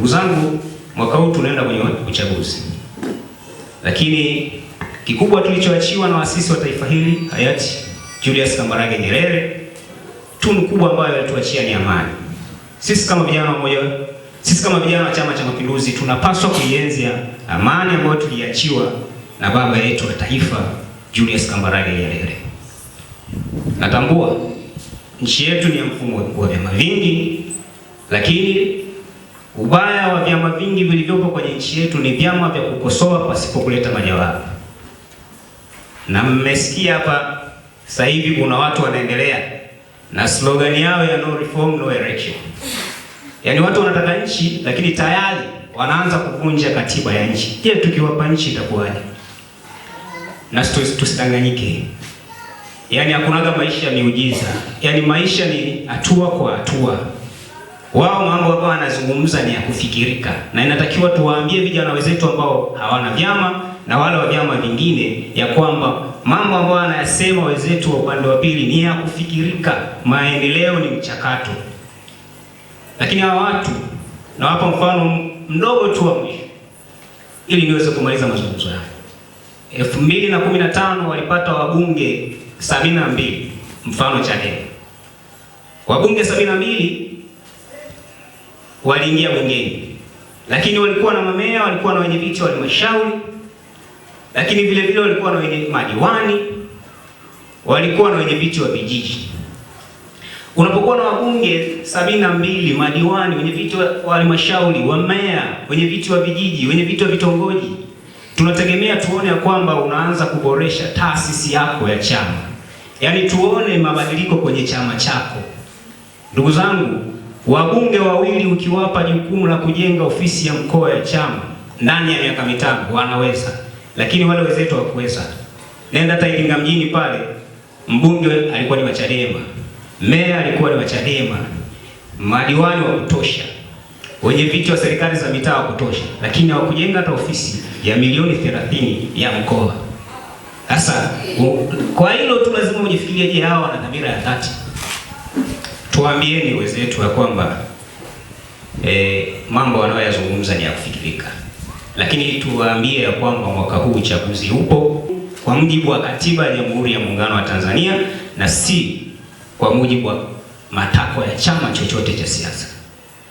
Ndugu zangu, mwaka huu tunaenda kwenye uchaguzi, lakini kikubwa tulichoachiwa na waasisi wa taifa hili hayati Julius Kambarage Nyerere, tunu kubwa ambayo alituachia ni amani. Sisi kama vijana mmoja, sisi kama vijana wa Chama cha Mapinduzi tunapaswa kuienzi amani ambayo tuliachiwa na baba yetu wa taifa Julius Kambarage Nyerere. Natambua nchi yetu ni ya mfumo wa vyama vingi, lakini Ubaya wa vyama vingi vilivyopo kwenye nchi yetu ni vyama vya kukosoa pasipo kuleta majawabu, na mmesikia hapa sasa hivi kuna watu wanaendelea na slogan yao ya no reform no election. Yaani watu wanataka nchi lakini tayari wanaanza kuvunja katiba ya nchi. Je, tukiwapa nchi itakuwaje? Na tusidanganyike. Yaani hakunaga maisha miujiza. Yaani maisha ni hatua kwa hatua wao mambo ambayo wanazungumza ni ya kufikirika, na inatakiwa tuwaambie vijana wenzetu ambao hawana vyama na wale wa vyama vingine ya kwamba mambo ambayo wanayasema wenzetu wa upande wa pili ni ya kufikirika. Maendeleo ni mchakato, lakini hawa watu nawapa mfano mdogo tu wa mwisho ili niweze kumaliza mazungumzo yao. elfu mbili na kumi na tano walipata wabunge sabini na mbili mfano Chadema, wabunge sabini na mbili waliingia bungeni, lakini walikuwa na mamea, walikuwa na wenye viti wa halmashauri, lakini vile vile walikuwa na wenye madiwani, walikuwa na wenye viti wa vijiji. Unapokuwa na wabunge sabini na mbili, madiwani, wenye wa halmashauri, wamea, wenye viti wa vijiji, wenye viti wa vitongoji, tunategemea tuone ya kwamba unaanza kuboresha taasisi yako ya chama, yaani tuone mabadiliko kwenye chama chako, ndugu zangu. Wabunge wawili ukiwapa jukumu la kujenga ofisi ya mkoa ya chama ndani ya miaka mitano wanaweza, lakini wale wenzetu hawakuweza. Nenda hata Iringa mjini pale, mbunge alikuwa ni wa Chadema, meya alikuwa ni wa Chadema, madiwani wa kutosha, wenye viti wa serikali za mitaa wa kutosha, lakini hawakujenga hata ofisi ya milioni 30 ya mkoa. Sasa kwa hilo tu lazima ujifikirie, je, hawa wana dhamira ya dhati? tuambieni wenzetu ya kwamba e, mambo wanayoyazungumza ni ya kufikirika, lakini tuwaambie ya kwamba mwaka huu uchaguzi upo kwa mujibu wa katiba ya Jamhuri ya Muungano wa Tanzania na si kwa mujibu wa matakwa ya chama chochote cha siasa.